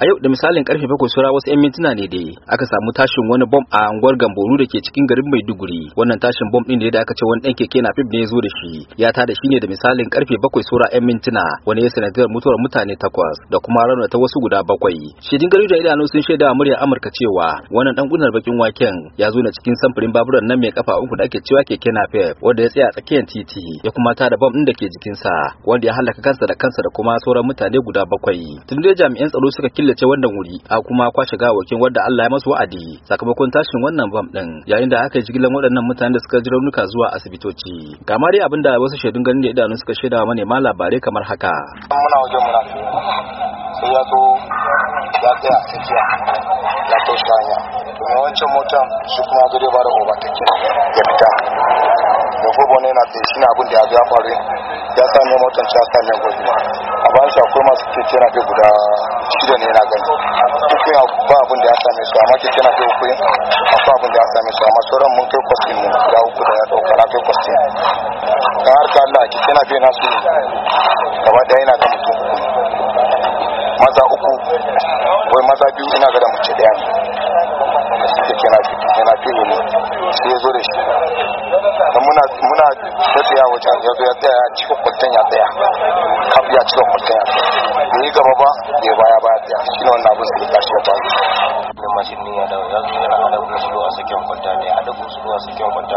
a yau da misalin karfe bakwai sura wasu 'yan mintuna ne dai aka samu tashin wani bom a unguwar Gamboru da ke cikin garin Maiduguri wannan tashin bom din da aka ce wani dan keke na fib ne ya zo da shi ya tada shi ne da misalin karfe bakwai sura 'yan mintuna wani ya sanadiyar mutuwar mutane takwas da kuma raunata ta wasu guda bakwai shedin gari da idanu sun shaida murya Amurka cewa wannan dan gunar bakin waken ya zo na cikin samfurin baburan nan mai kafa uku da ake cewa keke na fib wanda ya tsaya tsakiyar titi ya kuma tada bom din da ke jikinsa wanda ya halaka kansa da kansa da kuma sauran mutane guda bakwai tun dai jami'an tsaro suka killace wannan wuri a kuma kwashe gawakin wanda Allah ya masu wa'adi sakamakon tashin wannan bam din yayin da aka yi jigilan waɗannan mutanen da suka ji raunuka zuwa asibitoci ga ma dai abinda wasu shaidun ganin da idanun suka shaida ma labarai kamar haka muna wajen muna sai ya zo ya tsaya tafiya ya toshe hanya to wancan motan shi kuma zo da ba da overtaking ya fita da gobe ne na ce shi na abin da ya ja faru ya sa ne motanci ya sa ne gobe a bayan shi akwai masu keke na guda shida ne na gani duk ya ba abin da ya same su amma keke na uku akwai abin da ya same su amma sauran mun kai kwastin mu guda uku da ya dauka na kai kwastin don har ka Allah keke na biyu na su gaba daya yana ga mutum maza uku wai maza biyu ina ga da mace daya ne ya tsaya wajen ya zo ya ya ya tsaya ya gaba ba da baya baya shi ne wannan abin da ya ne ya ya su a sakin kwalta ne hada su a sakin kwalta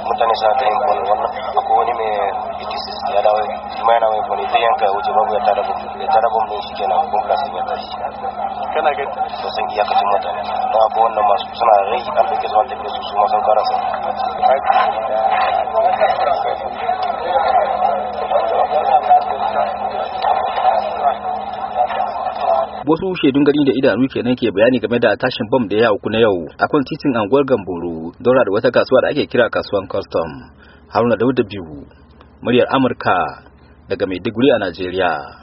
mutane suna ta yin wani wannan akwai wani mai ya dawo shi ma yana mai zai yanka wuce babu ya ya ne kenan kasi ya tashi kana ga to mutane don akwai wannan masu suna an ɗauke wasu shaidun gani da idanu kenan ke bayani game da tashin bom da ya auku na yau a kan titin anguwar gamboro daura da wata kasuwa da ake kira kasuwan custom haruna dauda biyu muryar amurka daga maiduguri a najeriya